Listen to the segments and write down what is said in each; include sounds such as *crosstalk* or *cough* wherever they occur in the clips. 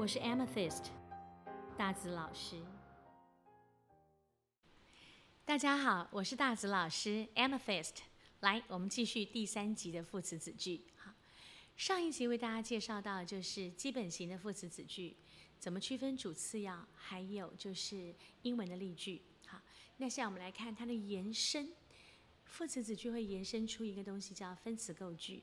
我是 Amethyst 大紫老師。大家好，我是大紫老師 Amethyst。來，我們繼續第三集的副詞子句。好，上一集為大家介紹到的就是基本型的副詞子句，怎麼區分主次要，還有就是英文的例句。好，那現在我們來看它的延伸。副詞子句會延伸出一個東西叫分詞構句。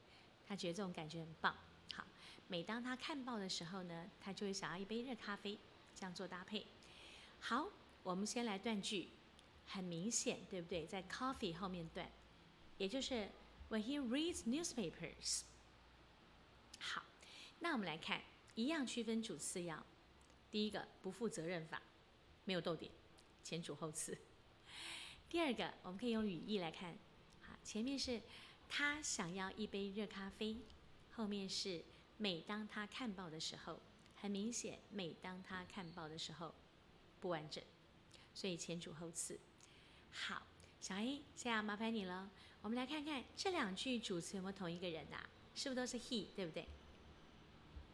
他覺得這種感覺很棒。好，每當他看報的時候呢，他就會想要一杯熱咖啡，這樣做搭配。好，我們先來斷句，很明顯，對不對？在 coffee 後面斷，也就是 when he reads newspapers。好，那我們來看，一樣區分主次要。第一個，不負責任法，沒有逗點，前主後次。第二個，我們可以用語義來看，好，前面是。他想要一杯熱咖啡，後面是每當他看報的時候。很明顯，每當他看報的時候，不完整，所以前主後次。好，小 A，現在要麻煩你了。我們來看看這兩句主詞有沒有同一個人啊？是不是都是 he？對不對？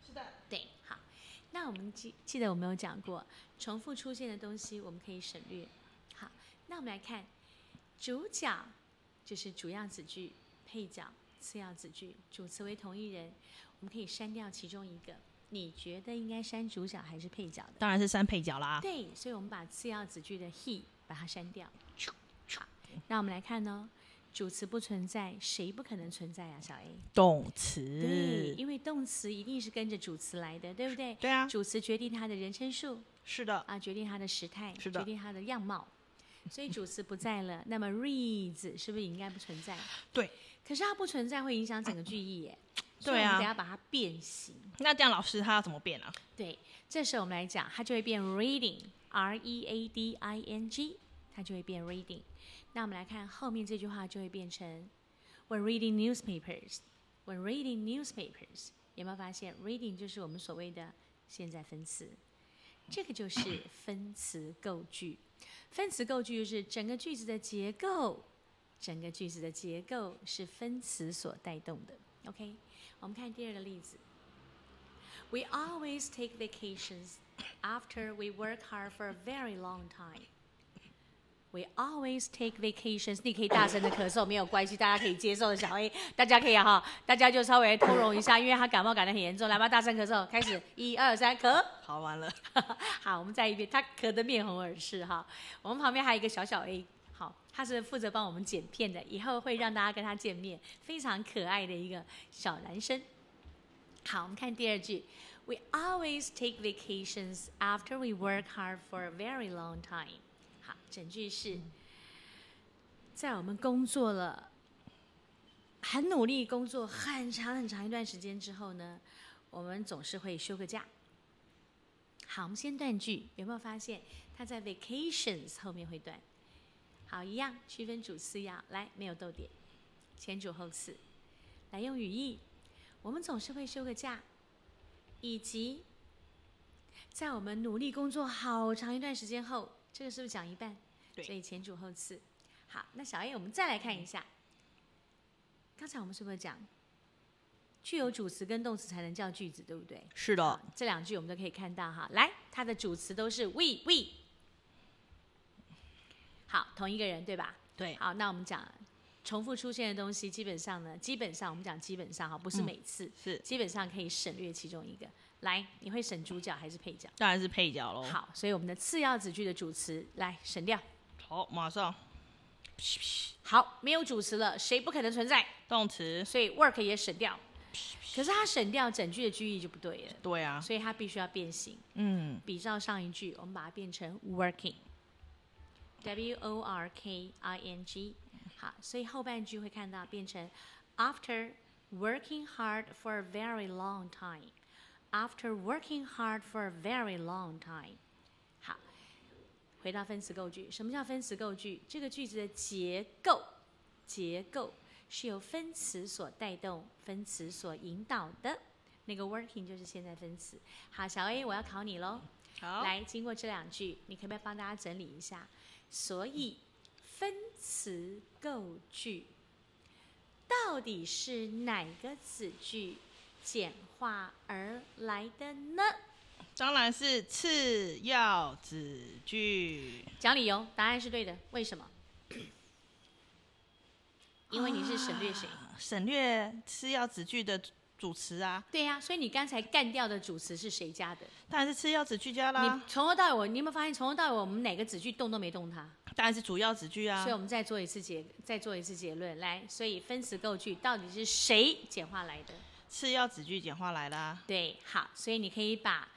是的。對，好。那我們記記得我們有講過，重複出現的東西我們可以省略。好，那我們來看主角，就是主要子句。配角、次要子句，主詞為同一人，我們可以刪掉其中一個。你覺得應該刪主角還是配角？當然是刪配角了啊！對，所以我們把次要子句的 he 把它刪掉。啾啾那我們來看呢，哦，主詞不存在，誰不可能存在啊？小 A 動詞詞，對，因為動詞一定是跟着主詞來的，對不對？對啊，主詞決定它的人稱數，是的啊，決定它的時態，是的，決定它的樣貌。所以主詞不在了， *laughs* 那麼 reads 是不是也應該不存在？對。可是它不存在，會影響整個句意耶，所以我得要把它變形。那這樣老師他要怎麼變呢、啊？對，這時候我們來講，它就會變 reading，r e a d i n g，它就會變 reading。那我們來看後面這句話就會變成，we're reading newspapers，we're reading newspapers。Re 有沒有發現 reading 就是我們所謂的現在分詞？這個就是分詞構句。分詞構句就是整個句子的結構。整個句子的結構是分詞所帶動的。OK，我們看第二個例子。We always take vacations after we work hard for a very long time. We always take vacations。 *coughs* 你可以大聲的咳嗽，沒有關係，大家可以接受的小 A，大家可以哈、啊，大家就稍微通融一下，因為他感冒感得很嚴重。來吧，大聲咳嗽，開始，一二三，咳。好，完了。 *laughs* 好，我們再一遍，他咳得面紅耳赤哈。我們旁邊還有一個小小 A。好，他是負責幫我們剪片的，以後會讓大家跟他見面，非常可愛的一個小男生。好，我們看第二句，We always take vacations after we work hard for a very long time。好，整句是，在我們工作了，很努力工作很長很長一段時間之後呢，我們總是會休個假。好，我們先斷句，有沒有發現他在 vacations 後面會斷？好，一樣區分主次要。來，沒有逗點，前主後次。來，用語義，我們總是會休個假，以及在我們努力工作好長一段時間後，這個是不是講一半？對所以前主後次。好，那小 A，我們再來看一下，嗯、剛才我們是不是講具有主詞跟動詞才能叫句子，對不對？是的、啊，這兩句我們都可以看到哈。來，它的主詞都是 we we。好，同一個人對吧？對。好，那我們講重複出現的東西，基本上呢，基本上我們講基本上哈，不是每次、嗯、是基本上可以省略其中一個。來，你會省主角還是配角？當然是配角嘍。好，所以我們的次要子句的主詞來省掉。好，馬上。噓噓，好，沒有主詞了，誰不可能存在？動詞。所以 work 也省掉。噓噓，可是他省掉整句的句意就不對了。對啊。所以它必須要變形。嗯。比照上一句，我們把它變成 working。W O R K I N G，好，所以後半句會看到變成 After working hard for a very long time. After working hard for a very long time. 好，回到分詞構句，什麼叫分詞構句？這個句子的結構結構是由分詞所帶動，分詞所引導的。那個 working 就是現在分詞。好，小 A，我要考你咯。好，來，經過這兩句，你可不可以幫大家整理一下？所以，分詞構句到底是哪個子句簡化而來的呢？當然是次要子句。講理由，答案是對的。為什麼？ *coughs* 因為你是省略誰？啊、省略次要子句的。主詞啊，對呀、啊，所以你剛才幹掉的主詞是誰家的？當然是次要子句家啦。你從頭到尾，你有沒有發現從頭到尾我們哪個子句動都沒動它？當然是主要子句啊。所以我們再做一次結，再做一次結論，來，所以分詞構句到底是誰簡化來的？次要子句簡化來啦。對，好，所以你可以把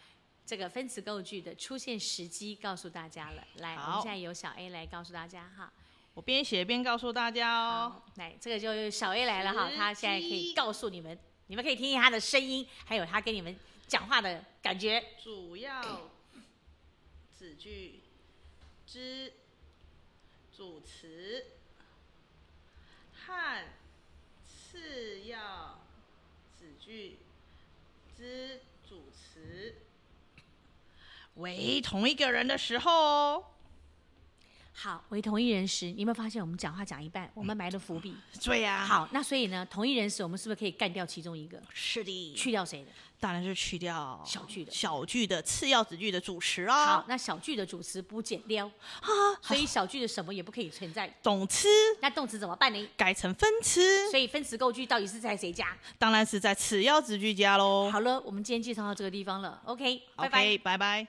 這個分詞構句的出現時機告訴大家了。來，好我們現在由小 A 來告訴大家哈，我邊寫邊告訴大家哦。來，這個就小 A 來了哈，機他現在可以告訴你們。你們可以聽聽他的聲音，還有他跟你們講話的感覺。主要子句之主詞和次要子句之主詞為同一個人的時候哦。好為同一人時，你有沒有發現我們講話講一半，我們埋了伏筆？對呀。好，那所以呢，同一人時，我們是不是可以幹掉其中一個？是的。去掉誰？當然是去掉小句的。小句的次要子句的主詞啊。好，那小句的主詞不減料，所以小句的什麼也不可以存在動詞。那動詞怎麼辦呢？改成分詞。所以分詞構句到底是在誰家？當然是在次要子句家嘍。好了，我們今天介紹到這個地方了。OK，拜拜。OK，拜拜。